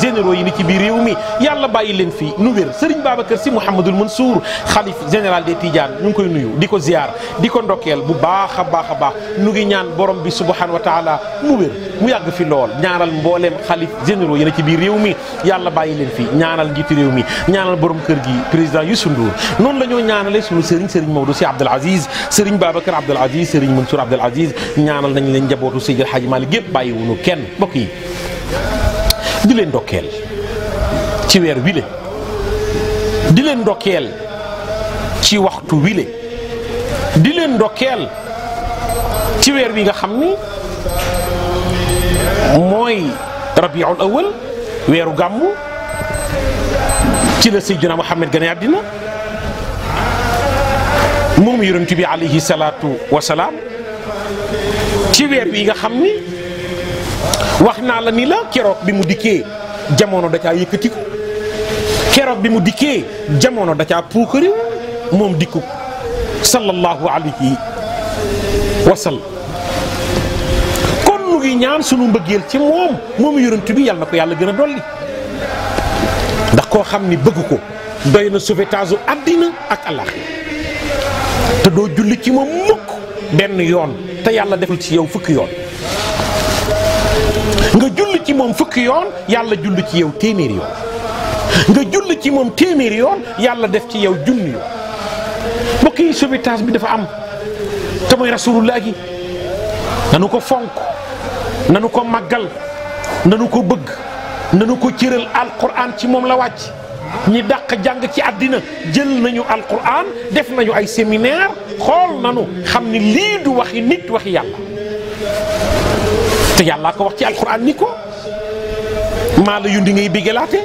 généraux yi ni ci biir réew mi yàlla bàyyi leen fii nu wér Serigne Babacar Sy Mouhamadul Mansour xalif général des Tidianes ñu ngi koy nuyu di ko ziar di ko ndokkeel bu baax a baax a baax nu ngi ñaan borom bi subhanahu wa taala mu wér mu yàgg fi lool ñaanal mboolem xalif généraux yi ne ci biir réew mi yàlla bàyyi leen fii ñaanal njiitu réew mi ñaanal borom kër gi président Youssou Ndour noonu la ñoo ñaanale sunu Serigne Serigne Maodo Sy Abdoul Aziz Serigne Babacar Abdoul Aziz Serigne Mansour Abdoul Aziz ñaanal nañ leen njabootu Seydi El Hadji Malick gépp bàyyiwunu kenn mbokk yi di leen ndokkeel ci weer wile di leen ndokkeel ci waxtu wile di leen ndokkeel ci weer wi nga xam ni mooy rabiul awal weeru gàmmu ci la Seydina Muhammad gane àddina moom yonent bi alayhi salaatu wa ci weer wi nga xam ni. wax naa la ni la keroog bi mu dikkee jamono da caa yëkkati ko keroog bi mu dikkee jamono da caa puukariw moom dikku sallallahu alayhi wa sallam kon nu ngi ñaan sunu mbëggeel ci moom moom yonent bi yàlla ko yàlla gën a dolli ndax koo xam ni bëgg ko doy na sauvetage u àddina ak alax te doo julli ci moom mukk benn yoon te yàlla defal ci yow fukki yoon nga julli ci moom fukki yoon yàlla julli ci yow téeméeri yoon nga julli ci moom téeméeri yoon yàlla def ci yow junni yoon mbokk yi bi dafa am te mooy rasulullah gi nanu ko fonk nanu ko màggal nanu ko bëgg nanu ko cëral alquran ci moom la wàcc ñi dàq jàng ci àddina jël nañu alquran def nañu ay séminaire xool nanu xam ni lii du waxi nit waxi yàlla te yàllaa ko wax ci alxuraan ni ko maa la yónni ngay bégalaate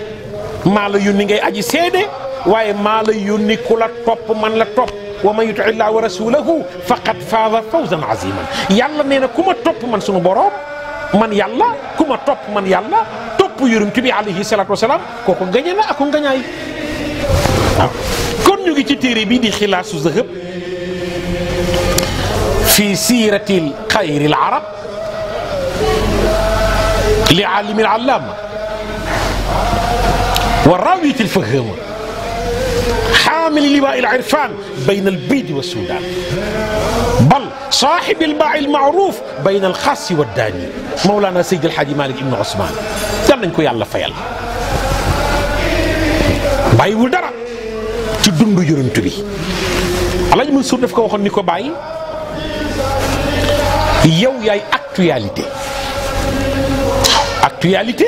maa la yónni ngay aji seede waaye maa la yónni ku la topp man la topp wa man yuti illaa wa rasulahu faqad faaza fawzan aziman yàlla nee na ku ma topp man sunu borom man yàlla kuma ma man yàlla topp yonent bi alayhi salaatu wa salaam kooku gañe na ako ngañaay waaw ngi ci téere bi di xilaasu zahab fi siiratil xayril arab li aalimin allaama wa raawiti lfahaama xaamili liwaa il irfaan bayna albiidi wa sudaan bal saaxibi lbaa il maaruuf bayna alxaasi wa daani Mawlana Seydi El Hadji Malick Ibn Ousmane dal nañ ko yàlla fayal bàyyiwul dara ci dundu yonent bi Alaaji Mansuur daf ko waxoon ni ko bàyyi yow yaay actualité. actualité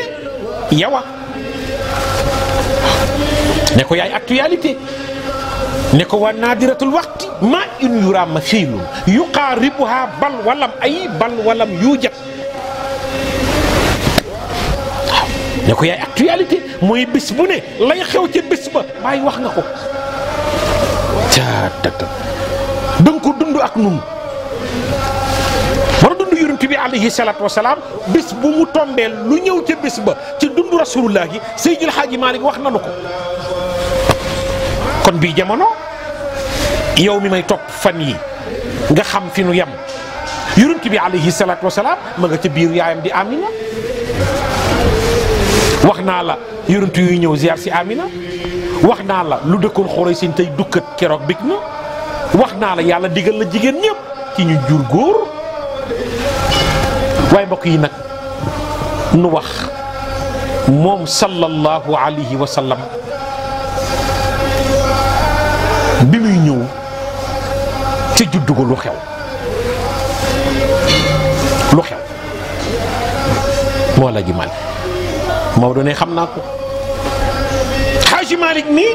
ne ko yaay actualité ne ko waa naadiratul waxti ma in yura masilun yuqaaribuha bal walam ay bal walam yujat ne ko yaay actualité mooy bis bu ne lay xew ci bis ba bàyyi wax nga ko ca da ko dund ak nun war a dund yonent bi alayhi salaatu wasalaam bis bu mu tombeel lu ñëw ca bis ba ci dund rasulullah gi Seydil Hadji Malick wax nanu ko kon bii jamono yow mi may topp fan yi nga xam fi nu yam yonent bi alayhi salaatu wasalaam ma nga ca biir yaayam di Amina wax naa la yonent yuy ñëw ziar si Amina wax naa la lu dëkkoon xoroy tey dukkat keroog big na wax naa la yàlla digal la jigéen ñëpp ci ñu jur góor waaye mbokk yi nag nu wax moom sallallahu alayhi wa bi muy ñëw ca juddu ga lu xew lu xew moo la ji Malick Maodo ne xam naa ko Xaaji Malick nii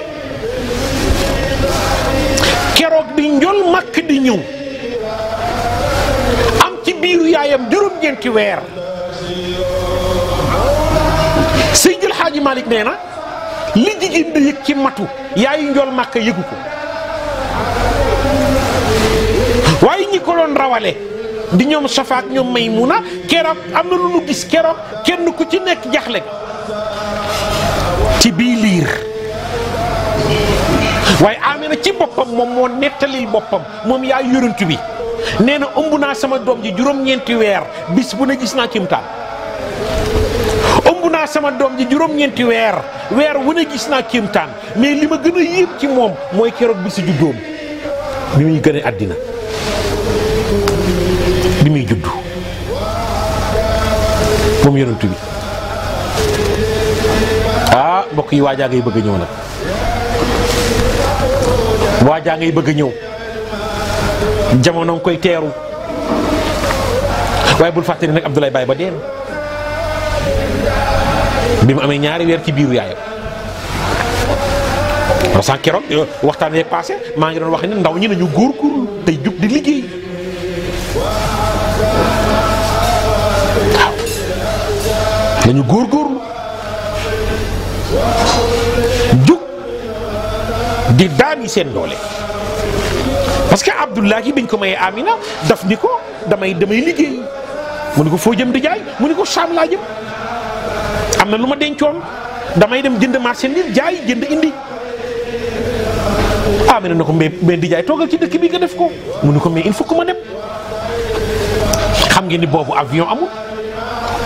keroog bi njol màkk di ñëw. yaayam juróom-ñeenti weer Seydil Xaaji Malick nee na li jigéen di yëg ci matu yaayu njool màkk yëgu ko waaye ñi ko doon rawale di ñoom Safa ak ñoom Maymuna keroog am na lu nu gis keroog kenn ku ci nekk jaxle ci bii liir waaye Amina ci boppam moom moo nettalil boppam moom yaay yorantu bi nee na ëmb naa sama doom ji juróom-ñeenti weer bis bu ne gis naa kimtaan ëmb naa sama doom ji juróom-ñeenti weer weer wu ne gis naa kimtaan mais li ma gën a yéem ci moom mooy keroog bi muy gën àddina bi muy juddu bi ah mbokk yi waajaa ngay bëgg a ñëw nag waajaa ngay bëgg ñëw. jamono nga koy teeru waaye bul fàtte ne nag Abdoulaye Baye ba dee na bi mu amee ñaari weer ci biiru yaayam waaw euh, waxtaan yeeg passé maa ngi doon wax ne ndaw ñi nañu góorgóorlu tey jub di liggéey waaw nañu di daani seen doole. parce que Abdoulahi biñ ko mayee Amina daf ni ko damay damay liggéey mu ni ko foo jëm di jaay mu ni ko Saam laa jëm am na lu ma dencoon damay dem jënd marchandise jaay jënd indi. Amina na ko me mais di jaay toogal ci dëkk bi nga def ko mu ni ko mais il faut que ma dem xam ngeen ni boobu avion amul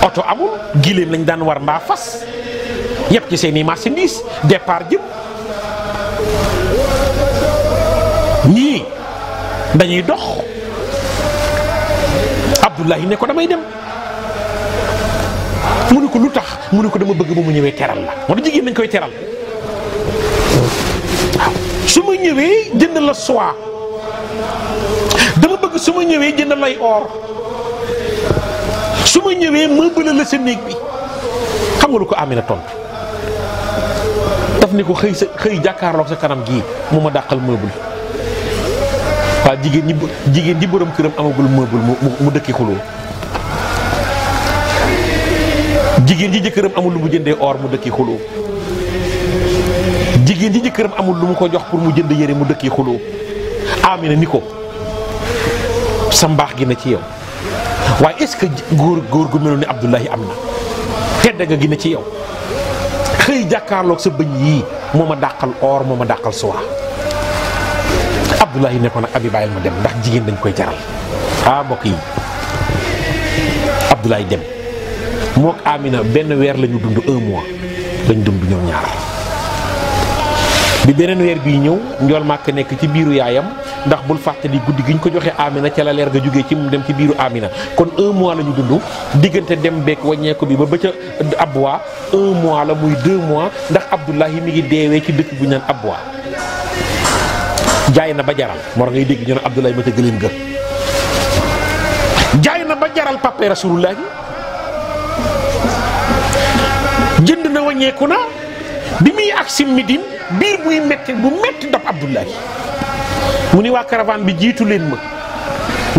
oto amul gileem lañ daan war mbaa fas yëpp ci seen i marchandise départ jëm ñii. dañuy dox Abdullahi ne ko damay dem mu ko lu tax mu ne ko dama bëgg ba mu ñëwee teral la moo tax jigéen dañ koy teral su ma ñëwee jënd la soie dama ñëwee jënd lay or su ma ñëwee meuble la sa néeg bi xam nga lu ko Amina tontu daf ne ko xëy sa xëy jàkkaarloog sa kanam gi mu ma dàqal meuble. waa jigéen ñi jigéen ñi borom këram amagul meuble mu dëkki xuloo jigéen ji jëkkëram amul lu mu jëndee or mu dëkki xuloo jigéen ji jëkkëram amul lu mu ko jox pour mu jënd yére mu dëkki xuloo amina ni ko sa mbaax gi na ci yow waaye est-ce que góor góor gu meloon ni Abdullahi am na tedd nga gi na ci yow xëy jàkkaarloog sa bëñ yii moo ma dàqal or moo ma dàqal suwaa Abdoulaye ne ko nag abi bàyyil ma dem ndax jigéen dañ koy jaral ah mbokk yi Abdoulaye dem mook Amina benn weer lañu ñu dund un mois lañ dund ñoom ñaar bi beneen weer bii ñëw njool màkk nekk ci biiru yaayam ndax bul fàttali guddi gi ñu ko joxe Amina ca la leer ga jógee ci mu dem ci biiru Amina kon un mois la ñu dund diggante dem beek wàññeeku bi ba ba ca Abwa un mois la muy deux mois ndax Abdoulaye mi ngi deewee ci dëkk bu ñu naan jaay na ba jaral moo ngay dégg ñu ne Abdoulaye Mate gëleen gër jaay na ba jaral pape rasulullah jënd na wàññeeku na bi muy ak midin biir buy metti bu metti dab Abdoulaye mu ni waa caravane bi jiitu leen ma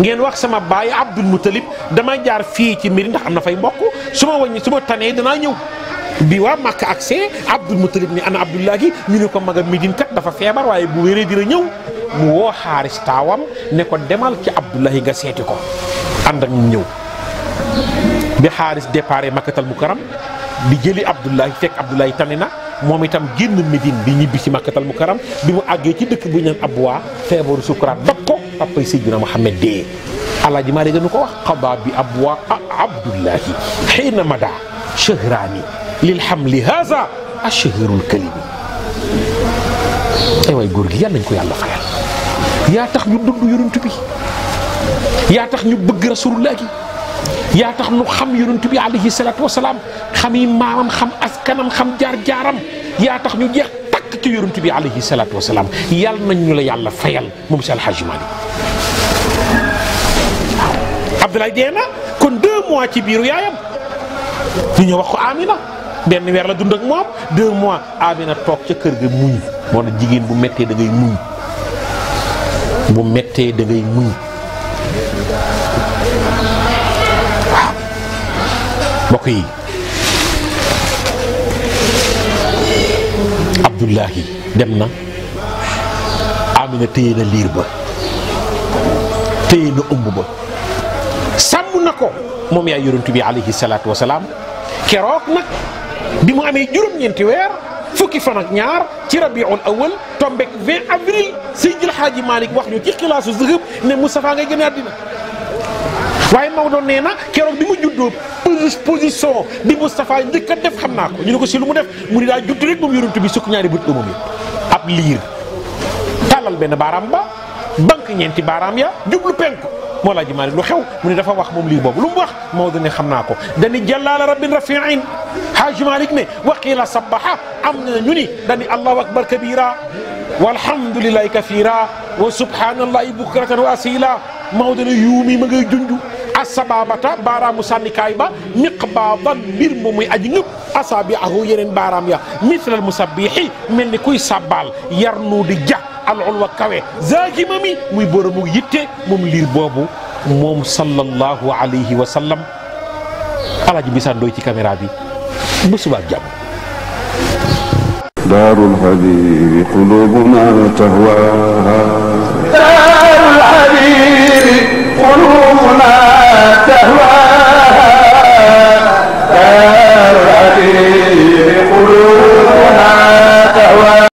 ngeen wax sama baay Abdul Muttalib dama jaar fii ci mbir ndax am na fay mbokk su ma wàññi su ma tanee danaa ñëw bi waa Makka accès Abdul Mutalib ni ana Abdullahi ñu ne ko maga Médine kat dafa feebar waaye bu wéree dina ñëw mu woo xaaris taawam ne ko demal ci Abdullahi nga seeti ko ànd ak ñun ñëw bi xaaris départ Makkatal Mukarram di jëli Abdullahi fekk Abdullahi tane na moom itam génn midin bi ñibbi ci Makkatal Mukarram bi mu àggee ci dëkk bu ñu naan Abwa feebaru sukuraat dab ko papay Seydina Muhammad dee alaaji maa dégg nu ko wax xabaa bi Abwa Abdullahi xëy na ma daa lil hamli haza ashhirul kalimi ay waay góor gi yàlla nañ ko yàlla fayal yaa tax ñu dund yonent bi yaa tax ñu bëgg rasulullah gi yaa tax ñu xam yonent bi alayhi salaatu wasalaam xam yi maamam xam askanam xam jaar-jaaram yaa tax ñu jeex takk ci yonent bi alayhi salaatu wasalaam yàlla nañ ñu la yàlla fayal moom si alxaaji Maalik Abdoulaye dee na kon deux mois ci biiru yaayam ñu ñëw wax ko Amina. benn weer la dund ak moom deux mois Amina toog ca kër ga muñ moo tax jigéen bu mettee da ngay muñ bu méttee da muñ waaw yi Abdullahi dem na Amina téye na liir ba téye na ëmb ba sàmm na ko moom yaa yonent bi alayhi salaatu wa salaam keroog nag bi mu amee juróom-ñeenti weer fukki fanak ak ñaar ci rabiul awal tombek 20 avril Seydil Hadji Malick wax ñu ci xilaasu zëhëb ne Moustapha ngay gën a àddina waaye Maodo nee na keroog bi mu juddoo position bi Moustapha njëkk a def xam naa ko ñu ne ko si lu mu def mu ni daa judd rek moom yonent bi sukk ñaari bët ëmmam it ab liir tàllal benn baaraam ba banque ñeenti baaraam ya jublu penku moo laa ji Malick lu xew mu ne dafa wax moom liir boobu lu mu wax naa ko dani jàllaala Haaj Malik ne waqiila sabbaha am na ñu ni dañu allahu akbar kabira walhamdulillahi kathira wa subhanallahi bukratan wa asila Maodo ne yuumi ma ngay junju asababata baaraamu sànnikaay ba miqbaadan mbir moom muy aji ngëpp asaabiahu yeneen baaraam ya mislal musabbihi mel ni kuy sàbbaal yarnu di ja al ulwa kawe zaakima mi muy boromu yitte moom liir boobu moom sallallahu alayhi wa sallam alaaji bisaan doy ci caméra bu subaa jàmm. daarul xabiibi xulubuna tahwaaha. daarul xabiibi xulubuna tahwaaha. daarul xabiibi xulubuna tahwaaha.